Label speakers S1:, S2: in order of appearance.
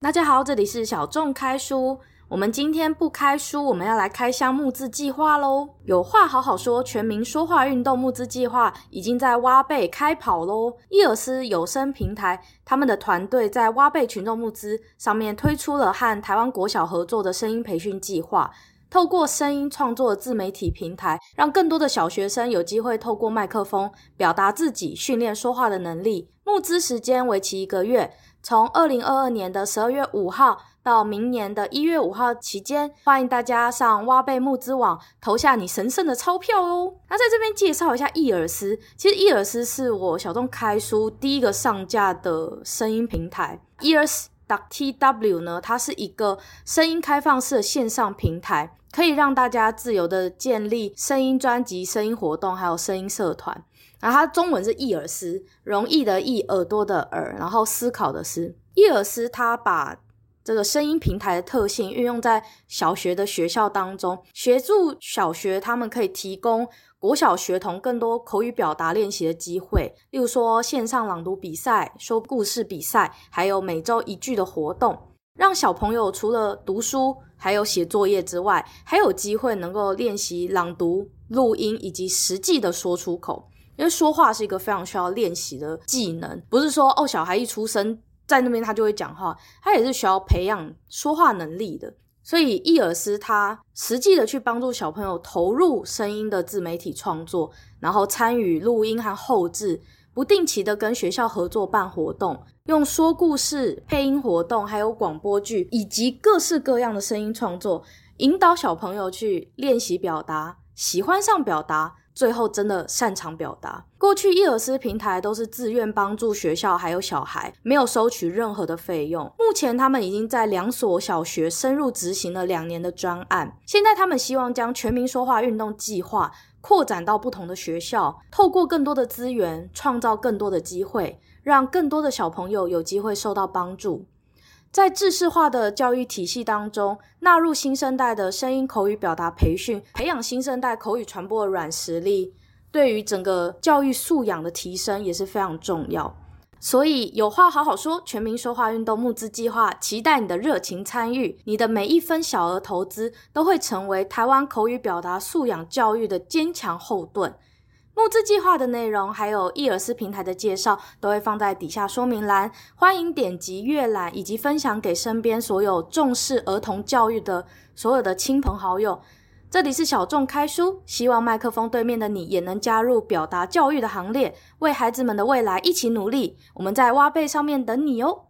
S1: 大家好，這裡是小眾開書。我們今天不開書，我們要來開箱募資計劃嘍！有話好好說，全民說話運動募資計劃已經在挖貝開跑嘍。易耳思有聲平台他們的團隊在挖貝群眾募資上面推出了和台灣國小合作的聲音培訓計劃。透過聲音創作的自媒體平台，讓更多的小學生有機會透過麥克風表達自己，訓練說話的能力。募資時間為期一個月，從二零二二年的十二月五號到明年的一月五號期間，歡迎大家上挖貝募資網投下你神聖的鈔票哦。那在這邊介紹一下易耳思，其實易耳思是我小眾開書第一個上架的聲音平台，易耳思。ears.tw 呢，它是一個聲音開放式的線上平台，可以讓大家自由的建立聲音專輯、聲音活動，還有聲音社團。然後它中文是「易耳思」，容易的“易”，耳朵的“耳”，然後思考的“思”。易耳思它把這個聲音平台的特性運用在小學的學校當中，協助小學他們可以提供，國小學童更多口語表達練習的機會，例如說線上朗讀比賽、說故事比賽，還有每周一句的活動，讓小朋友除了讀書還有寫作業之外，還有機會能夠練習朗讀、錄音以及實際的說出口。因為說話是一個非常需要練習的技能，不是說，哦，小孩一出生在那邊他就會講話，他也是需要培養說話能力的。所以，易耳思他實際的去幫助小朋友投入聲音的自媒體創作，然後參與錄音和後製，不定期的跟學校合作辦活動，用說故事、配音活動，還有廣播劇，以及各式各樣的聲音創作，引導小朋友去練習表達，喜歡上表達。最後真的擅長表達。過去，易耳思平台都是自願幫助學校還有小孩，沒有收取任何的費用。目前，他們已經在兩所小學深入執行了兩年的專案。現在，他們希望將全民說話運動計劃擴展到不同的學校，透過更多的資源，創造更多的機會，讓更多的小朋友有機會受到幫助。在制式化的教育體系當中，納入新生代的聲音口語表達培訓，培養新生代口語傳播的軟實力，對於整個教育素養的提升也是非常重要。所以，有話好好說，全民說話運動募資計劃，期待你的熱情參與，你的每一分小額投資都會成為台灣口語表達素養教育的堅強後盾。募資計劃的內容，還有易耳思平台的介紹，都會放在底下說明欄，歡迎點擊閱覽以及分享給身邊所有重視兒童教育的所有的親朋好友。這裡是小眾開書，希望麥克風對面的你也能加入表達教育的行列，為孩子們的未來一起努力。我們在挖貝上面等你哦。